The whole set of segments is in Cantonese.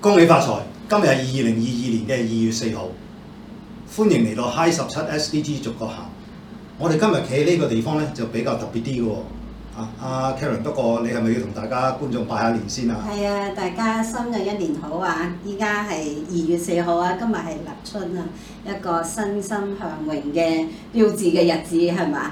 恭喜發財！今日係二零二二年嘅二月四號，歡迎嚟到 Hi 十七 SDG 逐個行。我哋今日企喺呢個地方咧，就比較特別啲嘅喎。啊，阿 Karen，不過你係咪要同大家觀眾拜下年先啊？係啊，大家新嘅一年好啊！依家係二月四號啊，今日係立春啊，一個欣欣向榮嘅標誌嘅日子係嘛？誒、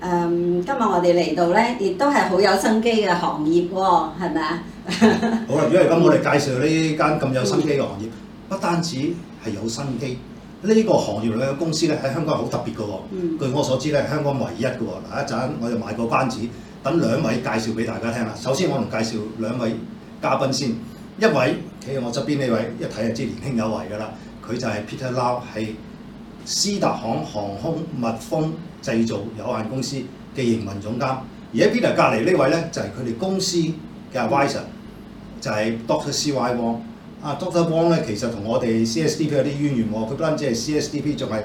嗯，今日我哋嚟到咧，亦都係好有生機嘅行業喎，係咪啊？ 好啦，如果係噉，我哋介紹呢間咁有心機嘅行業，嗯、不單止係有心機，呢、這個行業裏面嘅公司咧喺香港好特別嘅喎。嗯、據我所知咧，係香港唯一嘅喎。嗱，一陣，我就賣個關子，等兩位介紹俾大家聽啦。首先，我同介紹兩位嘉賓先，一位企喺我側邊呢位，一睇就知年輕有為嘅啦。佢就係 Peter Lau，係斯達行航，航空密封製造有限公司嘅營運總監。而喺 Peter 隔離呢位咧，就係佢哋公司嘅 Advisor、嗯。就係 Doctor C Y Wong 啊 Doctor Wong 咧其實同我哋 CSDP 有啲淵源喎，佢不單止係 CSDP，仲係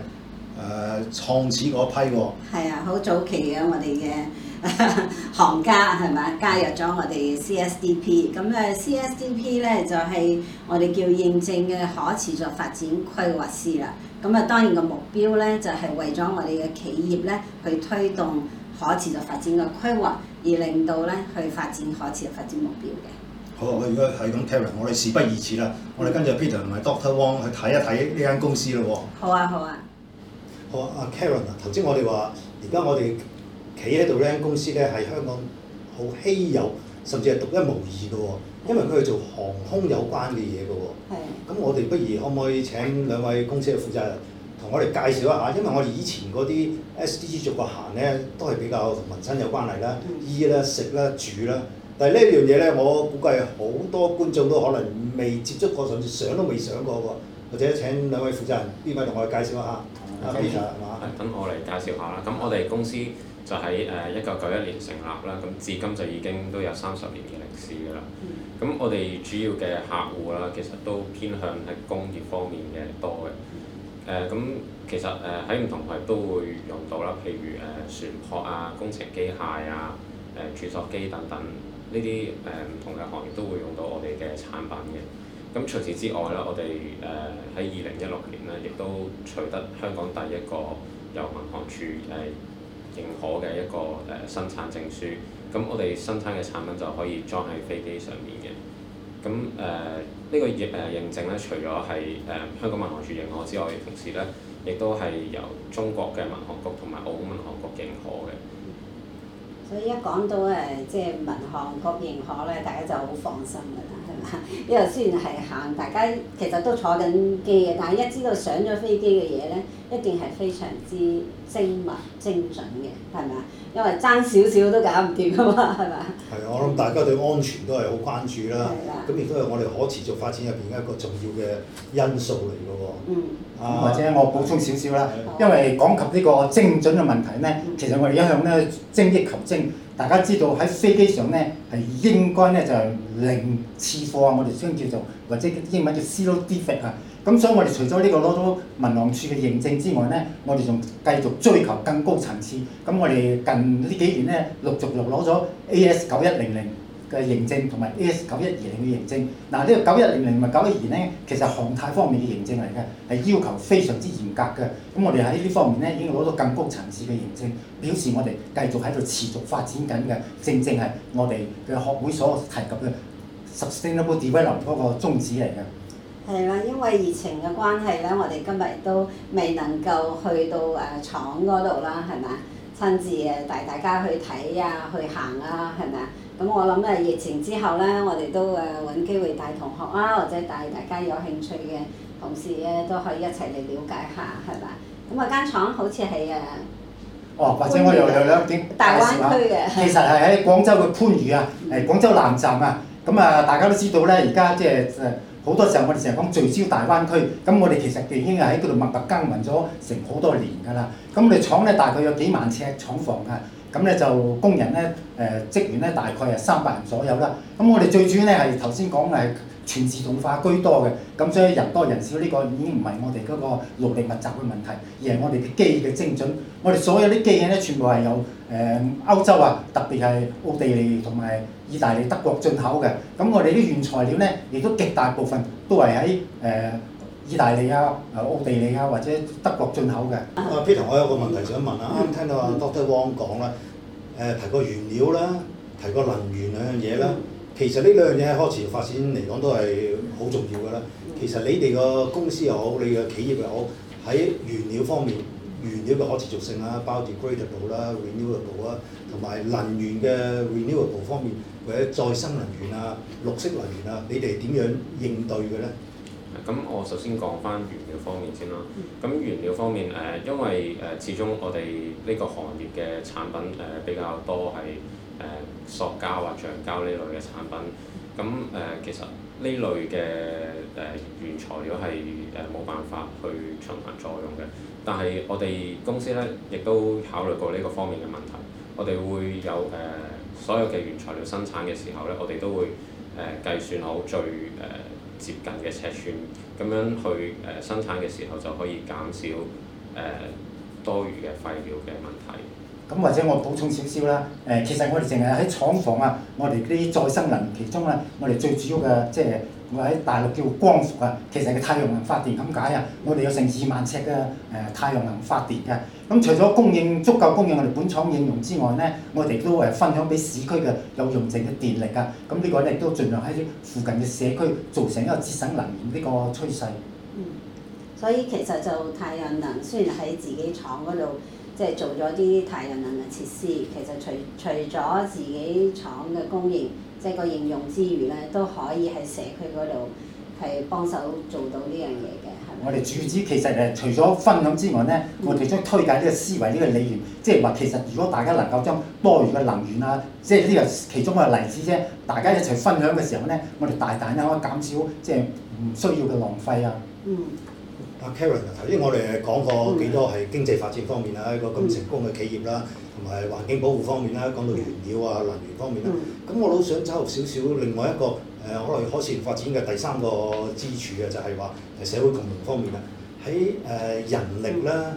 誒創始嗰批喎。係啊，好早期嘅我哋嘅行家係咪？加入咗我哋 CSDP，咁咧 CSDP 咧就係、是、我哋叫認證嘅可持續發展規劃師啦。咁啊，當然個目標咧就係、是、為咗我哋嘅企業咧去推動可持續發展嘅規劃，而令到咧去發展可持續發展目標嘅。好，我如果係咁，Karen，我哋事不宜遲啦，我哋跟住 Peter 同埋 Doctor Wong 去睇一睇呢間公司咯喎、哦。好啊，好啊。好啊，Karen，啊。頭先我哋話，而家我哋企喺度呢間公司咧，係香港好稀有，甚至係獨一無二嘅喎，因為佢係做航空有關嘅嘢嘅喎。咁是我哋不如可唔可以請兩位公司嘅負責人同我哋介紹一下？因為我哋以前嗰啲 SDG 做過行咧，都係比較同民生有關係啦，衣啦、食啦、住啦。煮但係呢一樣嘢咧，我估計好多觀眾都可能未接觸過，甚至想都未想過喎。或者請兩位負責人邊位同我哋介紹一下？阿邊，等我嚟介紹下啦。咁我哋公司就喺誒一九九一年成立啦，咁至今就已經都有三十年嘅歷史㗎啦。咁我哋主要嘅客戶啦，其實都偏向係工業方面嘅多嘅。誒咁，其實誒喺唔同嘅都會用到啦，譬如誒船舶啊、工程機械啊、誒注塑機等等。呢啲誒唔同嘅行業都會用到我哋嘅產品嘅，咁除此之外咧，我哋誒喺二零一六年咧，亦都取得香港第一個由民航處誒、呃、認可嘅一個誒、呃、生產證書，咁我哋生產嘅產品就可以裝喺飛機上面嘅。咁誒呢個認誒認證咧，除咗係誒香港民航處認可之外，同時咧亦都係由中國嘅民航局同埋澳門民航局認可嘅。所以一講到誒，即係民航局認可呢，大家就好放心噶啦。因為雖然係行，大家其實都坐緊機嘅，但係一知道上咗飛機嘅嘢咧，一定係非常之精密、精準嘅，係咪啊？因為爭少少都搞唔掂㗎嘛，係咪啊？係啊，我諗大家對安全都係好關注啦。係啦的。咁亦都係我哋可持續發展入邊一個重要嘅因素嚟㗎喎。嗯。啊，或者我補充少少啦，嗯、因為講及呢個精準嘅問題咧，嗯嗯、其實我哋一向咧精益求精。大家知道喺飛機上咧係應該咧就係。零次貨啊！我哋先叫做或者英文叫 zero defect 啊。咁所以我哋除咗呢個攞到民航處嘅認證之外呢，我哋仲繼續追求更高層次。咁我哋近呢幾年呢，陸續又攞咗 AS 九一零零嘅認證同埋 AS 九一二零嘅認證。嗱，呢個九一零零同埋九一二呢，其實航太方面嘅認證嚟嘅，係要求非常之嚴格嘅。咁我哋喺呢方面呢，已經攞到更高層次嘅認證，表示我哋繼續喺度持續發展緊嘅。正正係我哋嘅學會所提及嘅。Sustainable development 嗰個宗旨嚟嘅。係啦，因為疫情嘅關係呢，我哋今日都未能夠去到誒廠嗰度啦，係咪？親自誒帶大家去睇啊，去行啊，係咪？咁我諗啊，疫情之後呢，我哋都誒揾機會帶同學啊，或者帶大家有興趣嘅同事咧，都可以一齊嚟了解下，係咪？咁啊間廠好似係誒。哦，或者我又去咗點大灣區嘅，嗯、其實係喺廣州嘅番禺啊，誒廣州南站啊。嗯嗯。咁啊，大家都知道呢，而家即係好多時候，我哋成日講聚焦大灣區。咁我哋其實已經，喺度默默耕耘咗成好多年㗎啦。咁我哋廠呢，大概有幾萬尺廠房㗎，咁呢就工人呢，誒職員呢，大概係三百人左右啦。咁我哋最主要呢，係頭先講係全自動化居多嘅，咁所以人多人少呢個已經唔係我哋嗰個勞力密集嘅問題，而係我哋嘅機嘅精準。我哋所有啲機器呢，全部係由誒歐洲啊，特別係奧地利同埋，意大利、德國進口嘅，咁我哋啲原材料呢，亦都極大部分都係喺誒意大利啊、啊奧地利啊或者德國進口嘅。啊、uh, Peter，我有個問題想問啊，啱啱、嗯、聽到阿 Doctor Wang 講啦、呃，提過原料啦，提過能源兩樣嘢啦。嗯、其實呢兩樣嘢喺可持續發展嚟講都係好重要嘅啦。嗯、其實你哋個公司又好，嗯、你嘅企業又好，喺原料方面。原料嘅可持續性啦，包括 degradable 啦，renewable 啦，同埋能源嘅 renewable 方面，或者再生能源啊、綠色能源啊，你哋點樣應對嘅咧？咁我首先講翻原料方面先啦。咁原料方面，誒、呃、因為誒、呃、始終我哋呢個行業嘅產品誒、呃、比較多係誒塑膠或橡膠呢類嘅產品。咁誒，其實呢類嘅誒原材料係誒冇辦法去循環再用嘅。但係我哋公司咧，亦都考慮過呢個方面嘅問題。我哋會有誒所有嘅原材料生產嘅時候咧，我哋都會誒計算好最誒接近嘅尺寸，咁樣去誒生產嘅時候就可以減少誒多餘嘅廢料嘅問題。咁或者我補充少少啦，誒，其實我哋淨係喺廠房啊，我哋啲再生能源其中啊，我哋最主要嘅即係我喺大陸叫光伏啊，其實係太陽能發電咁解啊。我哋有成二萬尺嘅誒太陽能發電嘅，咁、嗯、除咗供應足夠供應我哋本廠應用之外呢，我哋都係分享俾市區嘅有用剩嘅電力啊。咁、嗯、呢、呢個亦都盡量喺附近嘅社區造成一個節省能源呢個趨勢。嗯，所以其實就太陽能雖然喺自己廠嗰度。即係做咗啲太陽能嘅設施，其實除除咗自己廠嘅供應，即係個應用之餘咧，都可以喺社區嗰度係幫手做到呢樣嘢嘅。係。我哋主旨其實係除咗分享之外咧，我哋都推介呢個思維，呢個理念，即係話其實如果大家能夠將多餘嘅能源啊，即係呢個其中嘅例子啫，大家一齊分享嘅時候咧，我哋大膽可以減少即係唔需要嘅浪費啊。嗯。阿 Karen 啊，頭先我哋講過幾多係經濟發展方面啦，一個咁成功嘅企業啦，同埋環境保護方面啦，講到原料啊、能源方面啦，咁、嗯、我老想走入少少另外一個誒，可能可持續發展嘅第三個支柱嘅就係、是、話社會共融方面啦，喺誒人力啦，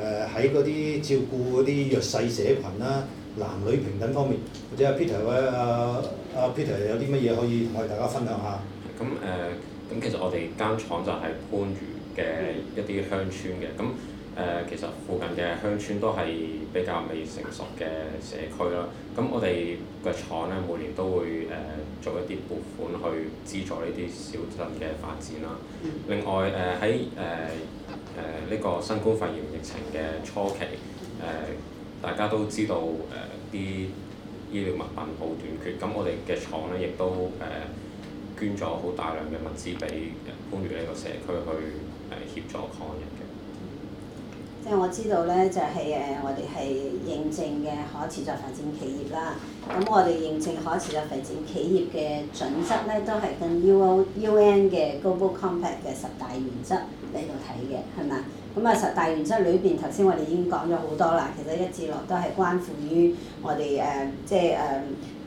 誒喺嗰啲照顧嗰啲弱勢社群啦，男女平等方面，或者阿 Peter 啊，阿 Peter 有啲乜嘢可以同我哋大家分享下？咁誒，咁、呃、其實我哋間廠就喺番禺，嘅一啲鄉村嘅咁誒，其實附近嘅鄉村都係比較未成熟嘅社區啦。咁我哋嘅廠咧每年都會誒、呃、做一啲撥款去資助呢啲小鎮嘅發展啦。另外誒喺誒誒呢個新冠肺炎疫情嘅初期誒、呃，大家都知道誒啲、呃、醫療物品好短缺，咁我哋嘅廠咧亦都誒、呃、捐咗好大量嘅物資俾誒番禺呢個社區去。係協助抗疫嘅，即係我知道呢，就係誒，我哋係認證嘅可持續發展企業啦。咁我哋認證可持續發展企業嘅準則呢，都係跟 U O U N 嘅 Global Compact 嘅十大原則嚟到睇嘅，係咪？咁啊，十大原則裏邊，頭先我哋已經講咗好多啦。其實一至六都係關乎於我哋誒、啊，即係、啊、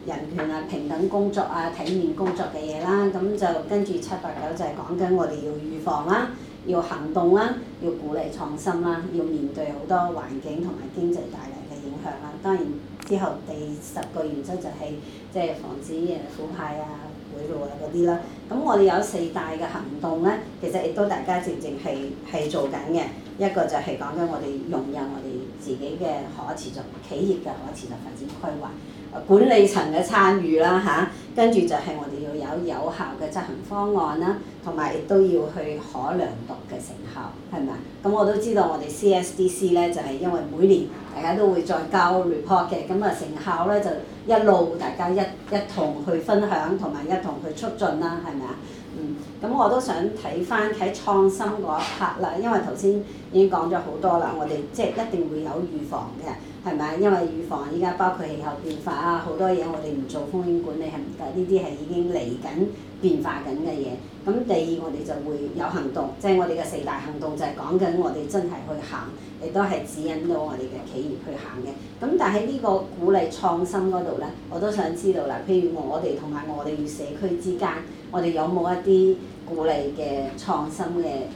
誒人權啊、平等工作啊、體面工作嘅嘢啦。咁就跟住七、八、九就係講緊我哋要預防啦。要行動啦，要鼓勵創新啦，要面對好多環境同埋經濟帶嚟嘅影響啦。當然之後第十個原則就係、是、即係防止誒腐敗啊、賄賂啊嗰啲啦。咁我哋有四大嘅行動咧，其實亦都大家正正係係做緊嘅。一個就係講緊我哋融入我哋自己嘅可持續企業嘅可持續發展規劃，管理層嘅參與啦嚇。跟住就係我哋要有有效嘅執行方案啦，同埋亦都要去可量度嘅成效，係咪啊？咁我都知道我哋 CSDC 咧就係因為每年大家都會再交 report 嘅，咁啊成效咧就一路大家一一同去分享同埋一同去促進啦，係咪啊？嗯，咁我都想睇翻喺創新嗰一 part 啦，因為頭先，已經講咗好多啦，我哋即係一定會有預防嘅，係咪？因為預防依家包括氣候變化啊，好多嘢我哋唔做風險管理係唔得，呢啲係已經嚟緊變化緊嘅嘢。咁、嗯、第二我哋就會有行動，即係我哋嘅四大行動就係講緊我哋真係去行，亦都係指引到我哋嘅企業去行嘅。咁、嗯、但喺呢個鼓勵創新嗰度呢，我都想知道啦。譬如我哋同埋我哋與社區之間，我哋有冇一啲鼓勵嘅創新嘅？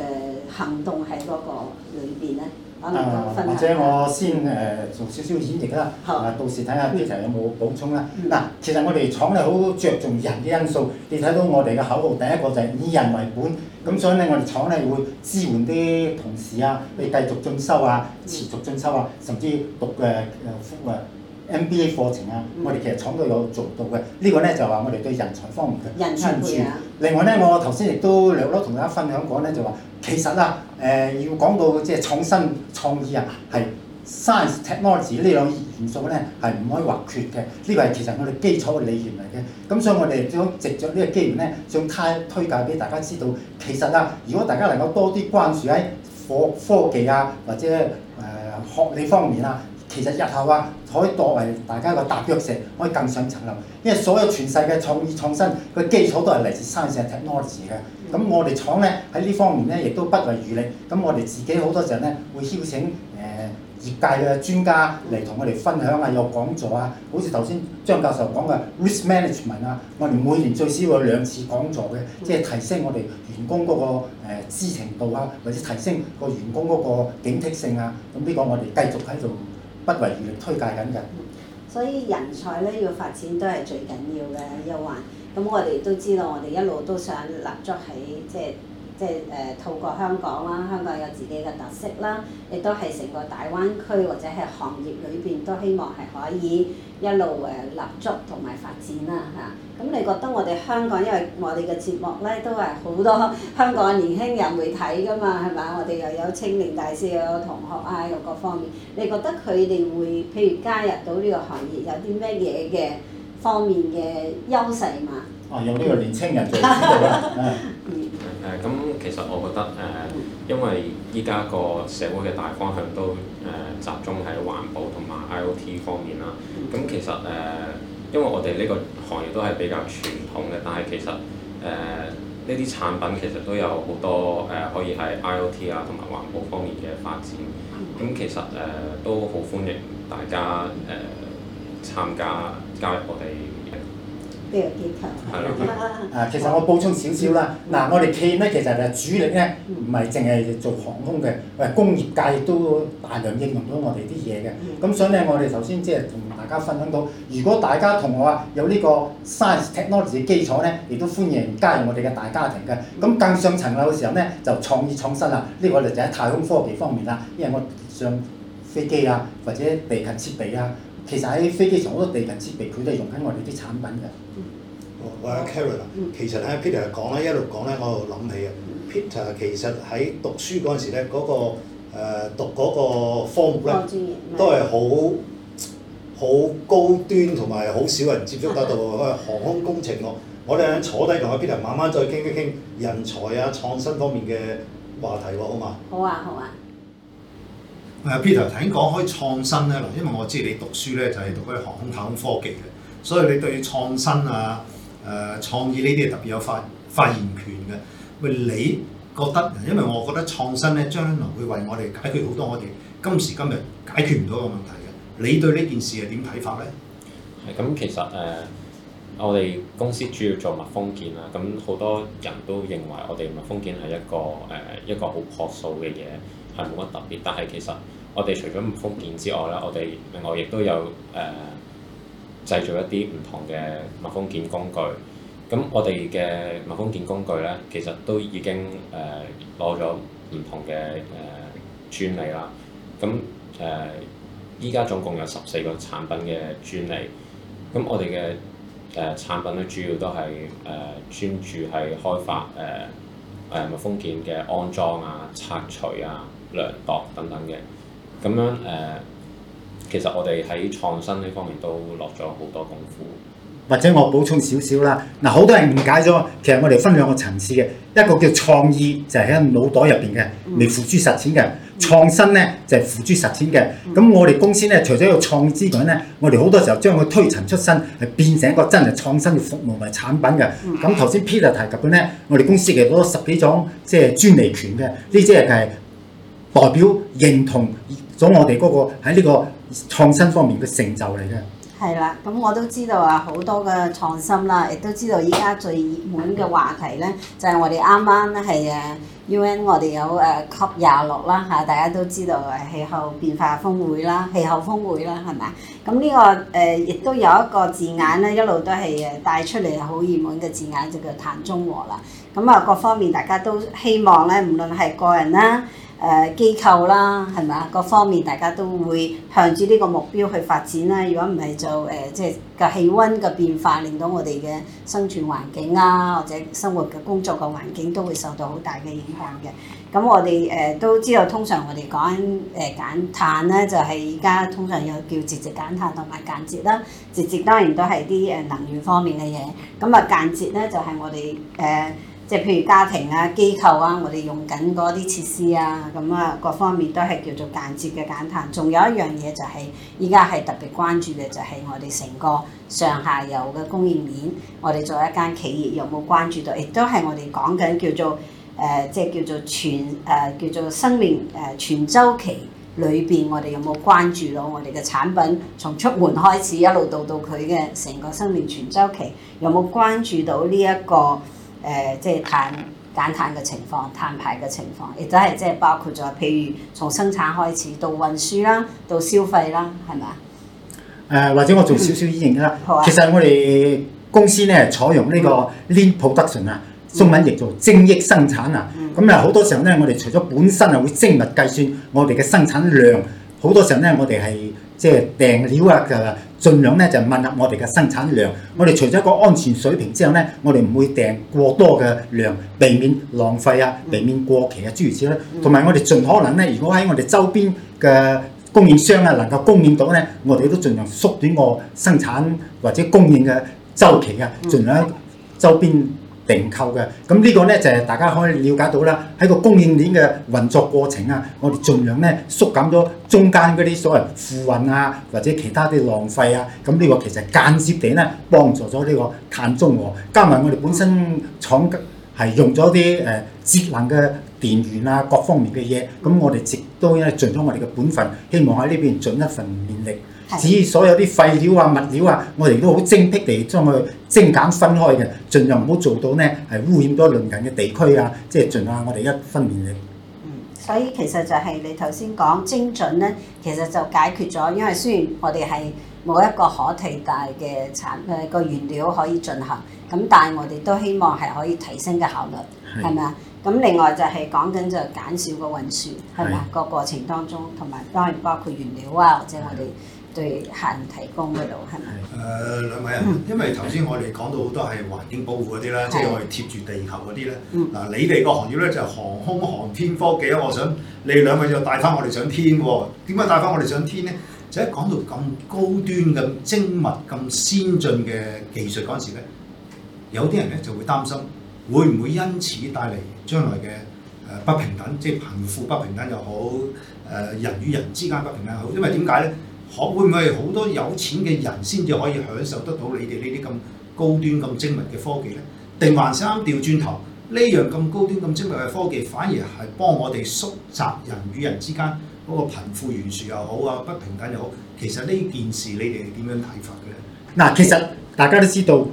誒，行動喺嗰個裏邊咧，我哋都分享。或者我先誒做少少演繹啦，啊好到時睇下啲朋友有冇補充啦。嗱、嗯，其實我哋廠咧好着重人嘅因素，你睇到我哋嘅口號，第一個就係以人為本，咁所以咧我哋廠咧會支援啲同事啊，去繼續進修啊，持續進修啊，甚至讀嘅。誒副啊。MBA 課程啊，嗯、我哋其實廠都有做到嘅。呢、呢個呢就話我哋對人才方面嘅專注。人才啊、另外呢，我頭先亦都兩多同大家分享過呢，就話其實啊，誒、呃、要講到即係創新創意啊，係 science technology 呢兩、嗯、元素呢，係唔可以或缺嘅。呢個係其實我哋基礎嘅理念嚟嘅。咁所以我哋最好藉著呢個機緣呢，想推推介俾大家知道，其實啊，如果大家能夠多啲關注喺科科技啊或者誒、呃、學理方面啊。其實日後啊，可以作為大家個踏腳石，可以更上層樓。因為所有全世界創意創新個基礎都係嚟自 science technology 嘅。咁我哋廠呢，喺呢方面呢，亦都不遺餘力。咁我哋自己好多時候呢，會邀請誒業界嘅專家嚟同我哋分享啊，有講座啊。好似頭先張教授講嘅 risk management 啊，我哋每年最少有兩次講座嘅，即係提升我哋員工嗰個誒知情度啊，或者提升個員工嗰個警惕性啊。咁呢個我哋繼續喺度。不遺餘力推介緊人，所以人才咧要發展都係最緊要嘅憂患。咁我哋都知道，我哋一路都想立足喺即係。就是即係誒透過香港啦，香港有自己嘅特色啦，亦都係成個大灣區或者係行業裏邊都希望係可以一路誒立足同埋發展啦嚇。咁你覺得我哋香港因為我哋嘅節目咧都係好多香港年輕人會睇噶嘛係嘛？我哋又有清明大師，又有同學啊，有各方面。你覺得佢哋會譬如加入到呢個行業有啲咩嘢嘅方面嘅優勢嘛？啊，有呢個年青人嘅 誒咁、呃、其實我覺得誒、呃，因為依家個社會嘅大方向都誒、呃、集中喺環保同埋 IOT 方面啦。咁、啊、其實誒、呃，因為我哋呢個行業都係比較傳統嘅，但係其實誒呢啲產品其實都有好多誒、呃、可以喺 IOT 啊同埋環保方面嘅發展。咁、啊、其實誒、呃、都好歡迎大家誒、呃、參加加入我哋。啲結合啊，其實我補充少少啦。嗱、嗯啊，我哋企業咧，其實係主力咧，唔係淨係做航空嘅，誒工業界亦都大量應用咗我哋啲嘢嘅。咁、嗯、所以咧，我哋頭先即係同大家分享到，如果大家同我有個呢個 science technology 嘅基礎咧，亦都歡迎加入我哋嘅大家庭嘅。咁更上層樓嘅時候咧，就創意創新啦。呢、這個就喺太空科技方面啦，因為我上飛機啊，或者地勤設備啊。其實喺飛機上好多地勤設備，佢都係用緊我哋啲產品嘅、嗯啊。我阿 Caroline 其實咧 Peter 講咧一路講咧，我又諗起啊。Peter 其實喺讀書嗰陣時咧，嗰、嗰個誒、呃、讀嗰個科目咧，都係好好高端同埋好少人接觸得到。佢係航空工程喎、 啊，我哋坐低同阿 Peter 慢慢再傾一傾人才啊創新方面嘅話題喎，好嘛？好啊，好啊。誒 Peter 頭先講開創新咧，嗱，因為我知你讀書咧就係讀嗰啲航空太空科技嘅，所以你對創新啊、誒、呃、創意呢啲嘢特別有發發言權嘅。喂，你覺得？因為我覺得創新咧，將來會為我哋解決好多我哋今時今日解決唔到嘅問題嘅。你對呢件事係點睇法咧？係咁，其實誒、呃，我哋公司主要做密封件啊，咁好多人都認為我哋密封件係一個誒、呃、一個好樸素嘅嘢。係冇乜特別，但係其實我哋除咗密封件之外咧，我哋另外亦都有誒、呃、製造一啲唔同嘅密封件工具。咁我哋嘅密封件工具咧，其實都已經誒攞咗唔同嘅誒專利啦。咁誒依家總共有十四個產品嘅專利。咁我哋嘅誒產品咧，主要都係誒專注係開發誒誒、呃、密封件嘅安裝啊、拆除啊。量度等等嘅，咁樣誒、呃，其實我哋喺創新呢方面都落咗好多功夫。或者我補充少少啦，嗱，好多人誤解咗，其實我哋分兩個層次嘅，一個叫創意就係喺腦袋入邊嘅，未付諸實踐嘅創新咧就係、是、付諸實踐嘅。咁我哋公司咧除咗有創意之外咧，我哋好多時候將佢推陳出新，係變成一個真係創新嘅服務同埋產品嘅。咁頭先 Peter 提及嘅咧，我哋公司其實十幾種即係專利權嘅，呢啲係。代表認同咗我哋嗰個喺呢個創新方面嘅成就嚟嘅。係啦，咁我都知道啊，好多嘅創新啦，亦都知道依家最熱門嘅話題呢，就係、是、我哋啱啱係誒 U N，我哋有誒 COP 廿六啦嚇，大家都知道誒氣候變化峰會啦，氣候峰會啦係咪？咁呢個誒亦、呃、都有一個字眼呢，一路都係誒帶出嚟好熱門嘅字眼就叫碳中和啦。咁啊，各方面大家都希望呢，唔論係個人啦。誒機、呃、構啦，係咪？各方面大家都會向住呢個目標去發展啦。如果唔係就誒、呃，即係個氣溫嘅變化令到我哋嘅生存環境啊，或者生活嘅工作嘅環境都會受到好大嘅影響嘅。咁的我哋誒、呃、都知道，通常我哋講誒減碳咧，就係而家通常有叫直接減碳同埋間接啦。直接當然都係啲誒能源方面嘅嘢，咁啊間接咧就係、是、我哋誒。呃即係譬如家庭啊、機構啊，我哋用緊嗰啲設施啊，咁啊，各方面都係叫做間接嘅減碳。仲有一樣嘢就係、是，而家係特別關注嘅就係、是、我哋成個上下游嘅供應鏈，我哋做一間企業有冇關注到？亦都係我哋講緊叫做誒，即、呃、係叫做全誒、呃、叫做生命誒、呃、全周期裏邊，我哋有冇關注到我哋嘅產品從出門開始一路到到佢嘅成個生命全周期，有冇關注到呢、這、一個？誒、呃，即係碳減碳嘅情況，碳排嘅情況，亦都係即係包括咗，譬如從生產開始到運輸啦，到消費啦，係咪啊？誒、呃，或者我做少少説明啦。好啊。其實我哋公司咧採用呢個 Lean Production 啊、嗯，中文譯做精益生產啊。咁啊、嗯，好、嗯、多時候咧，我哋除咗本身啊會精密計算我哋嘅生產量，好多時候咧，我哋係即係訂料啊嘅。盡量咧就問下我哋嘅生產量，嗯、我哋除咗一個安全水平之後咧，我哋唔會訂過多嘅量，避免浪費啊，避免過期啊諸如此類。同埋我哋盡可能咧，如果喺我哋周邊嘅供應商啊能夠供應到咧，我哋都盡量縮短個生產或者供應嘅週期啊，盡、嗯、量周邊。訂購嘅，咁、這、呢個呢就係大家可以了解到啦。喺個供應鏈嘅運作過程啊，我哋盡量呢縮減咗中間嗰啲所謂付運啊，或者其他啲浪費啊。咁呢個其實間接地呢，幫助咗呢個碳中和。加埋我哋本身廠係用咗啲誒節能嘅電源啊，各方面嘅嘢。咁我哋亦都咧盡咗我哋嘅本分，希望喺呢邊盡一份勉力。至於所有啲廢料啊、物料啊，我哋都好精辟地將佢。精簡分開嘅，盡量唔好做到呢係污染咗鄰近嘅地區啊！即係盡量我哋一分離嘅、嗯。所以其實就係你頭先講精準呢，其實就解決咗，因為雖然我哋係冇一個可替代嘅產誒個原料可以進行，咁但係我哋都希望係可以提升嘅效率，係咪啊？咁另外就係講緊就減少個運輸，係咪啊？是個過程當中，同埋當然包括原料啊，或者我哋。對限提供嗰度係咪？誒、呃、兩位啊，因為頭先我哋講到好多係環境保護嗰啲啦，即係、嗯、我哋貼住地球嗰啲咧。嗱、嗯，你哋個行業咧就航空航天科技啊！我想你哋兩位就帶翻我哋上天喎？點解帶翻我哋上天咧？就喺、是、講到咁高端、咁精密、咁先進嘅技術嗰陣時咧，有啲人咧就會擔心，會唔會因此帶嚟將來嘅誒不平等，即、就、係、是、貧富不平等又好，誒人與人之間不平等又好？因為點解咧？可會唔會好多有錢嘅人先至可以享受得到你哋呢啲咁高端咁精密嘅科技呢？定還啱掉轉頭呢樣咁高端咁精密嘅科技，反而係幫我哋縮窄人與人之間嗰個貧富懸殊又好啊，不平等又好。其實呢件事你哋點樣睇法嘅呢？嗱，其實大家都知道，誒、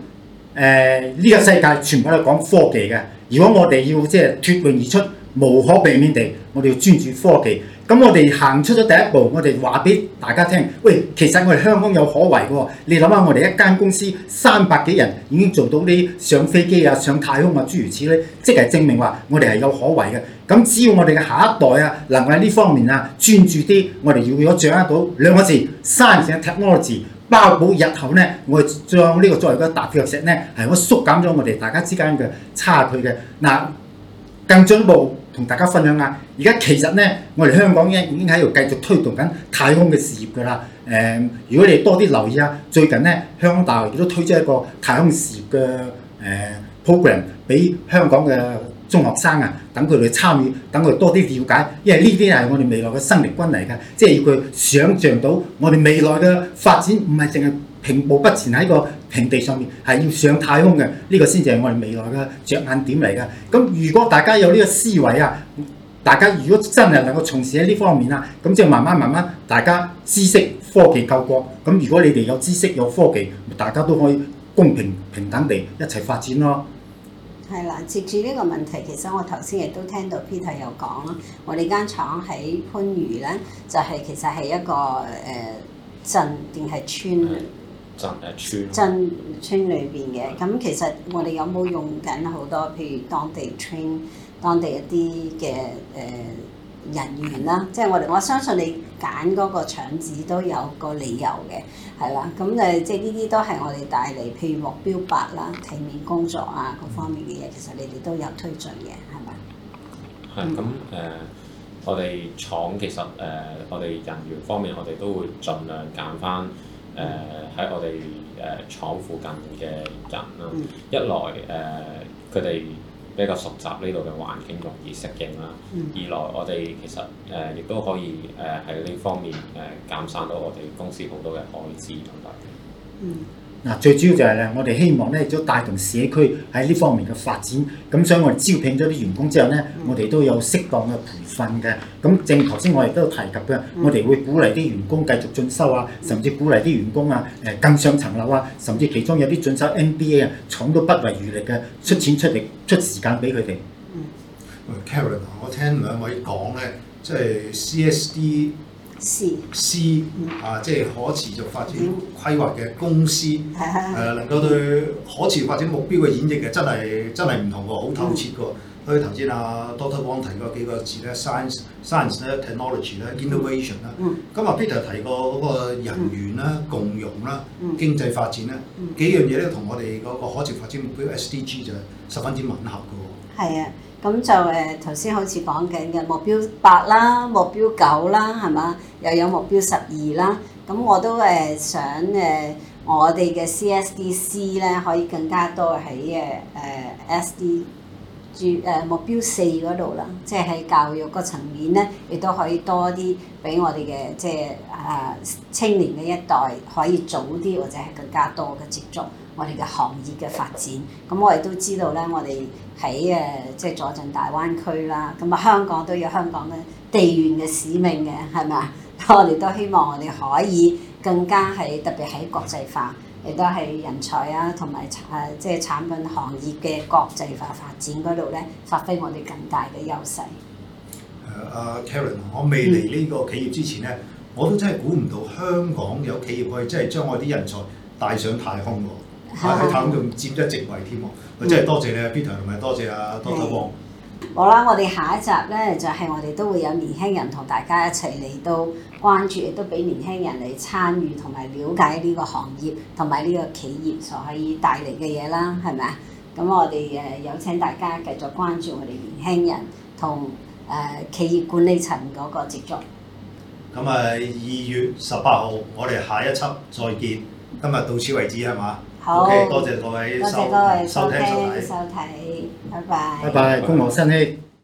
呃、呢個世界全部都講科技嘅。如果我哋要即係脫穎而出，無可避免地，我哋要專注科技。咁我哋行出咗第一步，我哋話俾大家聽，喂，其實我哋香港有可為嘅。你諗下，我哋一間公司三百幾人已經做到啲上飛機啊、上太空啊諸如此類，即係證明話我哋係有可為嘅。咁只要我哋嘅下一代啊，能夠喺呢方面啊專注啲，我哋要如果掌握到兩個字，Science 同 Technology，包括日後呢，我將呢個作為一個踏腳石呢，係會縮減咗我哋大家之間嘅差距嘅。嗱，更進一步。同大家分享下。而家其實呢，我哋香港呢已經喺度繼續推動緊太空嘅事業噶啦。誒、呃，如果你多啲留意下，最近呢，香港大學亦都推出一個太空事業嘅誒、呃、program 俾香港嘅中學生啊，等佢哋參與，等佢哋多啲了解，因為呢啲係我哋未來嘅生力軍嚟㗎，即係要佢想象到我哋未來嘅發展唔係淨係。平步不前喺個平地上面，係要上太空嘅，呢、這個先至係我哋未來嘅着眼點嚟㗎。咁如果大家有呢個思維啊，大家如果真係能夠從事喺呢方面啊，咁即係慢慢慢慢，大家知識科技救國，咁如果你哋有知識有科技，大家都可以公平平等地一齊發展咯。係啦，接住呢個問題，其實我頭先亦都聽到 Peter 有講啦，我哋間廠喺番禺咧，就係、是、其實係一個誒鎮定係村。鎮村，鎮村裏邊嘅咁，嗯、其實我哋有冇用緊好多，譬如當地村、當地一啲嘅誒人員啦，即係我哋我相信你揀嗰個場址都有個理由嘅，係啦。咁誒、呃，即係呢啲都係我哋帶嚟，譬如目標白啦、體面工作啊各方面嘅嘢，其實你哋都有推進嘅，係咪？係咁誒，我哋廠其實誒、呃，我哋人員方面，我哋都會盡量揀翻。誒喺、呃、我哋誒廠附近嘅人啦，嗯、一來誒佢哋比較熟習呢度嘅環境，容易適應啦；嗯、二來我哋其實誒、呃、亦都可以誒喺呢方面誒減、呃、散到我哋公司好多嘅開支。咁樣、嗯。嗱，最主要就係咧，我哋希望咧，都帶動社區喺呢方面嘅發展。咁所以，我哋招聘咗啲員工之後咧，我哋都有適當嘅培訓嘅。咁正頭先我哋都提及嘅，我哋會鼓勵啲員工繼續進修啊，甚至鼓勵啲員工啊，誒更上層樓啊，甚至其中有啲進修 MBA 啊，重都不遺餘力嘅出錢出力出時間俾佢哋。嗯，Caroline，我聽兩位講咧，即係 CSD。思啊，即係可持續發展規劃嘅公司，係、 呃、能夠對可持續發展目標嘅演繹嘅真係真係唔同喎，好透徹㗎。所以頭先阿 Doctor Wang 提過幾個字咧，science、science 咧、technology 咧、innovation 啦、啊，咁啊，Peter 提過嗰個人員啦、 共融啦、經濟發展咧，幾樣嘢咧，同我哋嗰個可持續發展目標 SDG 就十分之吻合㗎喎。係 啊。咁就誒頭先好似講緊嘅目標八啦，目標九啦，係嘛？又有目標十二啦。咁我都誒、呃、想誒、呃，我哋嘅 CSDC 咧可以更加多喺誒誒 SD。住誒目標四嗰度啦，即係喺教育個層面咧，亦都可以多啲俾我哋嘅即係啊青年嘅一代可以早啲或者係更加多嘅接觸我哋嘅行業嘅發展。咁、嗯、我哋都知道咧，我哋喺誒即係佐陣大灣區啦，咁、嗯、啊香港都有香港嘅地緣嘅使命嘅，係咪啊？我哋都希望我哋可以更加係特別喺國際化。亦都係人才啊，同埋誒即係產品行業嘅國際化發展嗰度咧，發揮我哋更大嘅優勢。誒阿 Karen 我未嚟呢個企業之前咧，嗯、我都真係估唔到香港有企業可以真係將我啲人才帶上太空喎，喺、啊啊、太空仲佔一席位添喎。啊嗯、真係多謝你 Peter，同埋多謝阿多多王。嗯好啦，我哋下一集呢，就係、是、我哋都會有年輕人同大家一齊嚟到關注，亦都俾年輕人嚟參與同埋了解呢個行業同埋呢個企業所可以帶嚟嘅嘢啦，係咪啊？咁我哋誒有請大家繼續關注我哋年輕人同誒、呃、企業管理層嗰個接觸。咁啊，二月十八號我哋下一輯再見。今日到此為止係嘛？好，okay，多謝各位收，多謝多謝收聽收睇，拜拜，拜拜，恭候新禧。拜拜。